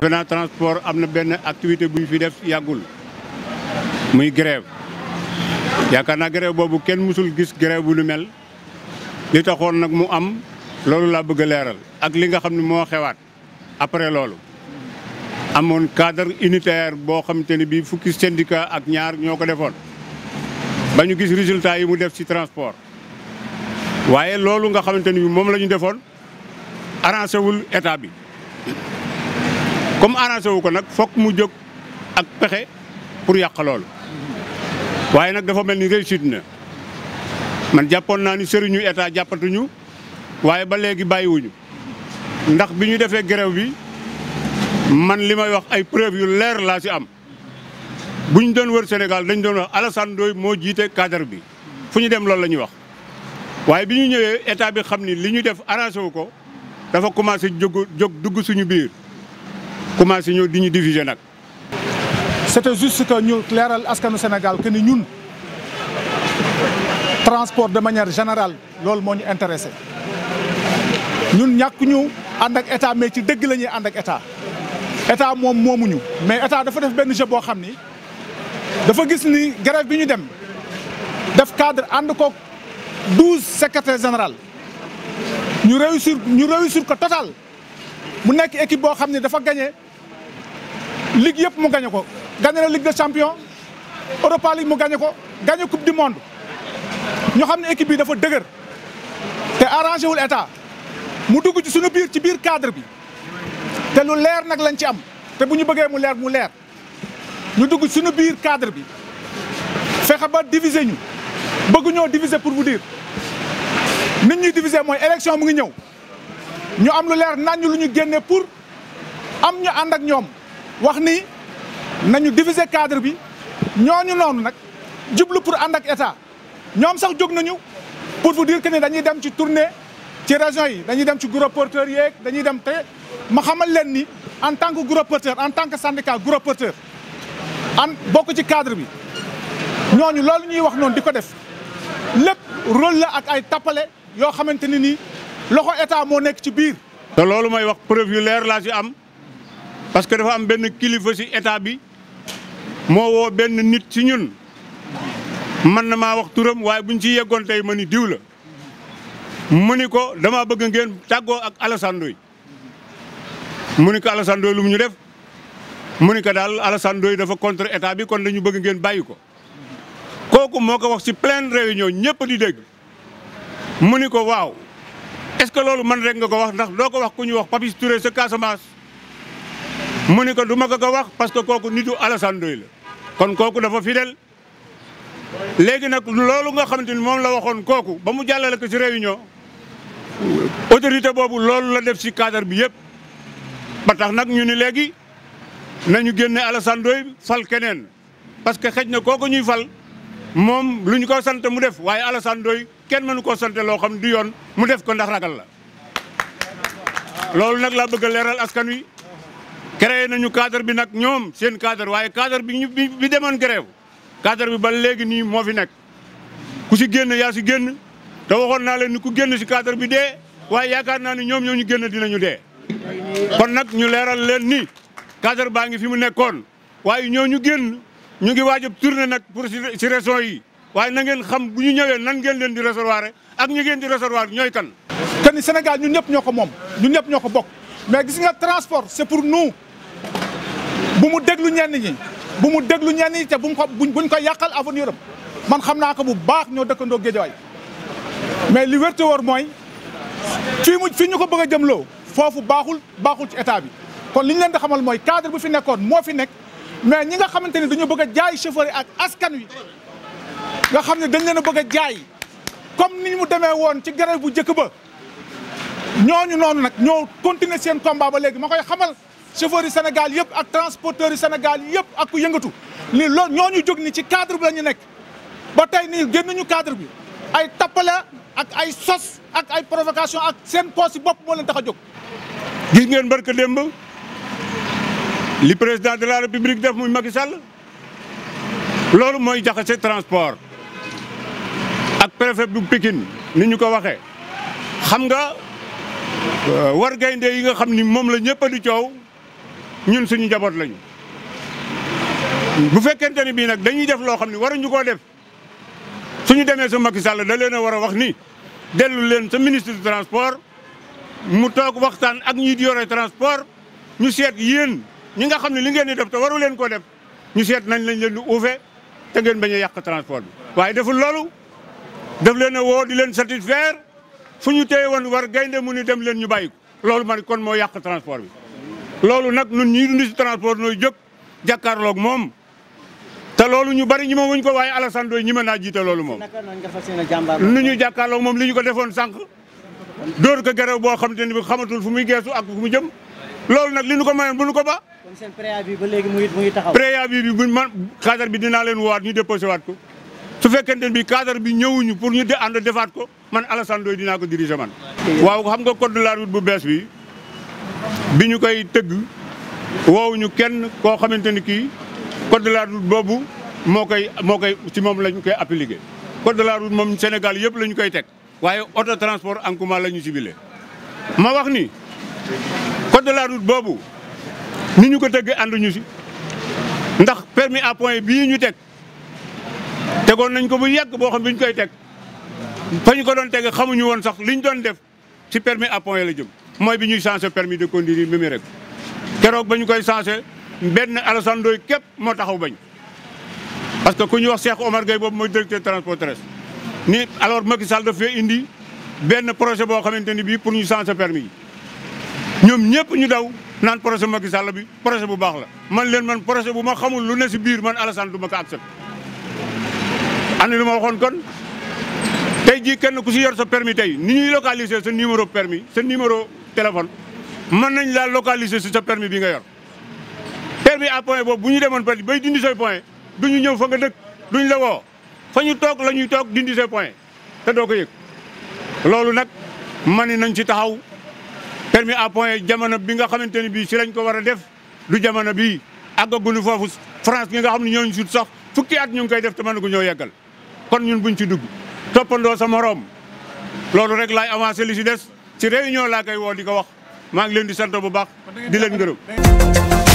Véna transport am na benn activité bu fi def yàggul muy grève yaakaar naa grève boobu kenn mësul gis grève bu lu mel li taxoon nag mu am loolu laa bëgg a leeral ak li nga xam ni moo xewaat après loolu amoon cadre unitaire boo xamante ne bii fukki syndicat ak ñaar ñoo ko defoon ba ñu gis résultat yi mu def ci transport waaye loolu nga xamante ne bii moom la defoon arrangé wul état bi. comme arrangé wu ko nag foog mu jóg ak pexe pour yàq lool waaye nag dafa mel ni réussite na man jàppoon naa ni sëriñu état jàppatuñu waaye ba léegi bàyyiwuñu ndax bi ñu defee grève bi man li may wax ay preuve yu leer laa ci am bu ñu doon wër Sénégal dañ doon wax Alassane Ndoye moo jiite cadre bi fu ñu dem loolu la ñuy wax waaye bi ñu ñëwee état bi xam ni li ñu def arrangé wu ko dafa commencé jóg jóg dugg suñu biir commencé ñëw di ñu diviser nag. c'était juste que ñu leeral askanu Sénégal que ni ñun transport de manière générale loolu moo ñu intéressé ñun ñàkk ñu ànd ak état mais ci dëgg la ñuy ànd ak état état moom moomuñu mais état dafa def benn jeu boo xam ni dafa gis ni grève bi ñu dem def cadre ànd ko douze secrétaire général ñu réussir ñu réussir ko total mu nekk équipe boo xam ni dafa gagné. ligue yëpp mu gagné ko gagné na ligue des mu gagné ko gagné coupe du monde ñu xam ne équipe bi dafa dëgër te arrangé wul état mu dugg ci suñu biir ci biir cadre bi te lu leer nag lañ ci am te bu ñu bëggee mu leer mu leer ñu dugg ci suñu biir cadre bi fexe ba diviser ñu bëgg ñëw diviser pour vous dire nit ñuy diviser mooy élection mu ngi ñëw ñu am lu leer naññ lu ñu génne pour am ñu ànd ak ñoom. wax ni nañu diviser cadre bi ñooñu noonu nag jublu pour ànd ak état ñoom sax jóg nañu pour vous dire que ne dañuy dem ci tournée ci région yi dañuy dem ci gros porteur yeeg dañuy dem te ma xamal leen ni en tant que gros porteur en tant que syndicat gros porteur an bokk ci cadre bi ñooñu loolu ñuy wax noonu di ko def lépp rôle ak ay tappale yoo xamante ni nii loxo état moo nekk ci biir. te loolu may wax preuve yu ci am. parce que dafa am benn kilifa ci état bi moo woo benn nit ci ñun man na maa wax turam waaye buñ ci yeggoon tey ma ni diw la mu ni ko dama bëgg ngeen tàggoo ak Alassane Ndoye mu ni ko Alassane lu mu ñu def mu ni ko daal Alassane Ndoye dafa contre état bi kon dañu bëgg ngeen bàyyi ko kooku moo ko wax ci pleine réunion ñëpp di dégg mu ni ko waaw est-ce que man rek nga ko wax ndax doo ko wax ku ñu wax Papis Touré sa Casamance mu ni ko du mag ko ko wax parce que kooku nitu Alassane Ndoye la kon kooku dafa fidèle léegi nag loolu nga xamante ni moom la waxoon kooku ba mu jàllale ko ci réunion autorité boobu loolu la def si kadar bi yëpp ba tax nag ñu ni léegi nañu génne Alassane Ndoye fal keneen parce que xëj na kooku ñuy fal moom lu ñu ko sant mu def waaye Alassane Ndoye kenn mënu koo sant loo xam du yoon mu def ko ndax ragal la loolu nag laa bëgg a leeral askan wi. créé nañu cadre bi nag ñoom seen cadre waaye cadre bi ñu bi demoon grève cadre bi ba léegi nii moo fi nekk ku si génn yaa si génn te waxoon naa leen ni ku génn si cadre bi dee waaye yaakaar naa ni ñoom ñoo ñu génn dinañu dee. kon nag ñu leeral leen ni cadre baa ngi fi mu nekkoon waaye ñoo ñu génn ñu ngi waaj a tourné nag pour si régions yi waaye na ngeen xam bu ñu ñëwee nan ngeen leen di recevoir ak ñu ngeen di recevoir ñooy kan. que ni Sénégal ñu ñëpp ñoo ko moom ñu ñëpp ñoo ko bokk mais gis nga transport c'est pour nous. bu mu déglu ñenn ñi bu mu déglu ñenn ñi te bu mu ko buñ ko yàqal avenir am man xam naa ko bu baax ñoo dëkkandoo Géejawaay mais li wérte woor mooy fii mu fii ñu ko bëgg a jëmloo foofu baaxul baaxul ci état bi kon li ñu leen di xamal mooy cadre bu fi nekkoon moo fi nekk mais ñi nga xamante ni dañu bëgg a jaay chauffeur yi ak askan wi nga xam ne dañ leen a bëgg a jaay comme ni ñu mu demee woon ci grève bu njëkk ba ñooñu noonu nag ñoo continuer seen combat ba léegi ma koy xamal chauffeurs yu Sénégal yëpp ak transporteurs yu Sénégal yëpp ak ku yëngatu ni loolu ñoo ñu jóg ni ci cadre bi la ñu nekk ba tey ni nii génnuñu cadre bi ay tappale ak ay sos ak ay provocation ak seen poos yi bopp moo leen tax a jóg. gis ngeen barka démb li président de la république def muy Macky Sall loolu mooy jaxase transport ak préfet bu Pikine ni ñu ko waxee xam nga euh, war gaynde yi nga xam ni moom la ñëpp di coow. ñun suñu njaboot lañu bu fekkente ni bii nag dañuy def loo xam ne waruñu koo def ñu demee sa Macky Sall da leen a war a wax ni dellu leen sa ministre du transport mu toog waxtaan ak ñi di yore transport ñu seet yéen ñu nga xam ne li ngeen di def te waru leen ko def ñu seet nañ lañ leen di uufe te ngeen bañ a yàq transport bi. waaye deful loolu daf leen a woo di leen satisfaire fu ñu téye woon war gaynde mu ni dem leen ñu bàyyi ko loolu man kon moo yàq transport bi. loolu nag ñun ñuy dund si transport nooy jóg jàkkaarloog moom te loolu ñu bari ñi ma wuñ ko waaye Alassane Ndoye ñi mën naa jiite loolu moom. nu ñuy jàkkaarloog moom li ñu ko defoon sànq dóor ko gerew boo xam te ne bi xamatul fu muy geesu ak fu mu jëm loolu nag li ñu ko mayoon bu ñu ko ba. kon bii préavis bi man cadre bi dinaa leen woowaat ñu déposé waat ko su fekkente bi cadre bi ñëwuñu pour ñu ànd defaat ko man Alassane Ndoye dinaa ko diriger man. waaw xam nga code la bu bees bi bi ñu koy tëgg woowuñu kenn koo xamante ni kii code de la route boobu moo koy moo koy ci moom la koy appliqué. code de la route moom Sénégal yëpp lañu koy teg waaye auto transport en commun la ñu ciblé ma wax ni code de boobu ni ñu ko tëggee ànduñu si ndax permis à point bii ñu teg tegoon nañ ko bu yàgg boo xam bi ñu koy teg fa ñu ko doon teg xamuñu woon sax li ñu doon def ci permi à point la jëm. mooy bi ñuy changé permis de conduire yi mi rek keroog ba ñu koy changé benn Alassane Ndoye képp moo taxaw bañ parce que ku ñuy wax Cheikh Omar Gueye boobu mooy directeur transport terrestre ni alors Macky Sall daf fee indi benn projet boo xamante ni bii pour ñu changé permis yi ñoom ñëpp ñu daw naan projet Macky Sall bi projet bu baax la man leen man projet bu ma xamul lu ne si biir man Alassane du ma ko accepté ana lu ma waxoon kon tey jii kenn ku si yor sa permis tey ñuy localiser sa numéro permis sa numéro téléphone mën nañ laa localiser si sa permis bi nga yor permis à point boobu bu ñu demoon peut bay dindi say point du ñu ñëw fa nga dëkk duñ la woo fa ñu toog la ñuy toog dindi say point te doo ko yëg loolu nag man nañ ci taxaw permis à point jamono bi nga xamante ne bii si lañ ko war a def du jamono bii àggaguñu foofu France bi nga xam ne ñooñu sut sax fukki at ñu ngi koy def te mën ko ñoo yeggal kon ñun buñ ci dugg toppandoo sa moroom loolu rek laay li si des ci réunion laa koy woo di ko wax maa ngi leen di sant bu baax di leen gërëm.